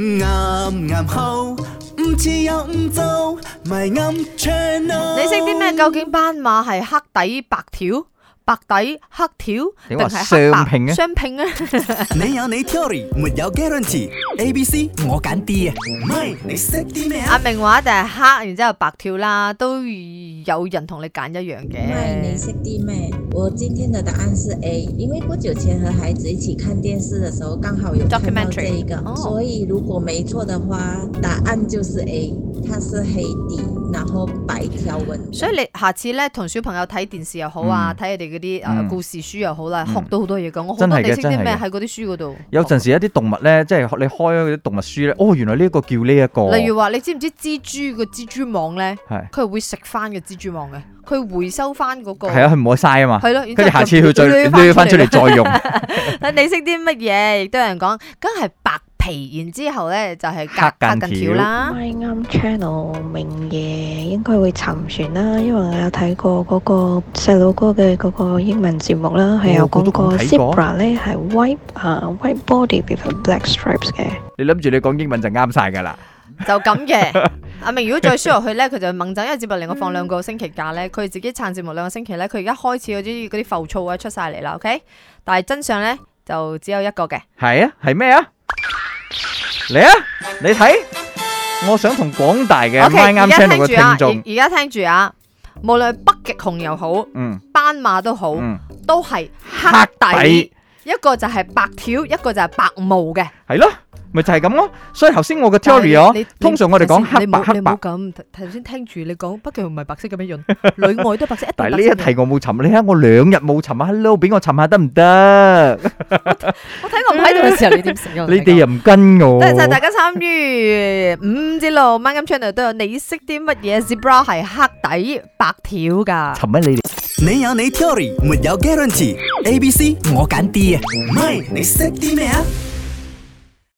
你識啲咩？究竟斑馬係黑底白條，白底黑條定係黑白相拼啊？ 你有你 theory 沒有 guarantee。A、B、C 我揀 D 啊！唔係，你識啲咩？阿明話定係黑，然之後白條啦，都有人同你揀一樣嘅。唔係，你識啲咩？我今天的答案是 A，因為不久前和孩子一起看電視嘅時候，剛好有睇到呢一個，documentary。所以如果沒錯的話，答案就是 A。它是黑底，然後白條紋。所以你下次咧同小朋友睇電視又好啊，睇你哋嘅。啲啊故事書又好啦，學到好多嘢噶，我好多都識啲咩喺嗰啲書嗰度。有陣時一啲動物咧，即係你開嗰啲動物書咧，哦，原來呢個叫呢一個。例如話，你知唔知蜘蛛個蜘蛛網咧，佢係會食翻個蜘蛛網嘅，佢回收翻嗰個。係啊，佢唔可以嘥啊嘛。跟住下次佢再都要翻出嚟再用。睇你識啲乜嘢，亦都有人講，梗係白。然之後咧就係黑金條啦。啱 channel 明夜應該會沉船啦，因為我有睇過嗰個細佬哥嘅嗰個英文節目啦，係有嗰個 Zebra 咧係 white 啊 white body 變翻 black stripes 嘅。你諗住你講英文就啱晒噶啦，就咁嘅。阿明如果再 share 去咧，佢就猛震，因為節目令我放兩個星期假咧，佢、mm、自己撐節目兩個星期咧，佢而家開始嗰啲啲浮躁啊出晒嚟啦。OK，但係真相咧就只有一個嘅。係啊，係咩啊？嚟啊！你睇，我想同廣大嘅 MY 嘅聽眾，聽住啊。而家聽住啊！無論北極熊又好，嗯、斑馬都好，嗯、都係黑底，黑底一白，一個就係白條，一個就係白毛嘅，係咯。咪就係咁咯，所以頭先我嘅 Terry 哦，通常我哋講黑白黑白咁，頭先聽住你講，北極熊唔係白色咁樣樣，裏外都白色。但係呢一題我冇尋，你睇下我兩日冇尋啊，hello，俾我尋下得唔得？我睇我唔喺度嘅時候，你點成？你哋又唔跟我？多謝晒大家參與五字路，猛咁唱就都有。你識啲乜嘢？Zebra 係黑底白條噶？尋乜你？你有你 Terry，沒有 guarantee，A B C 我揀 D 啊！唔係你識啲咩啊？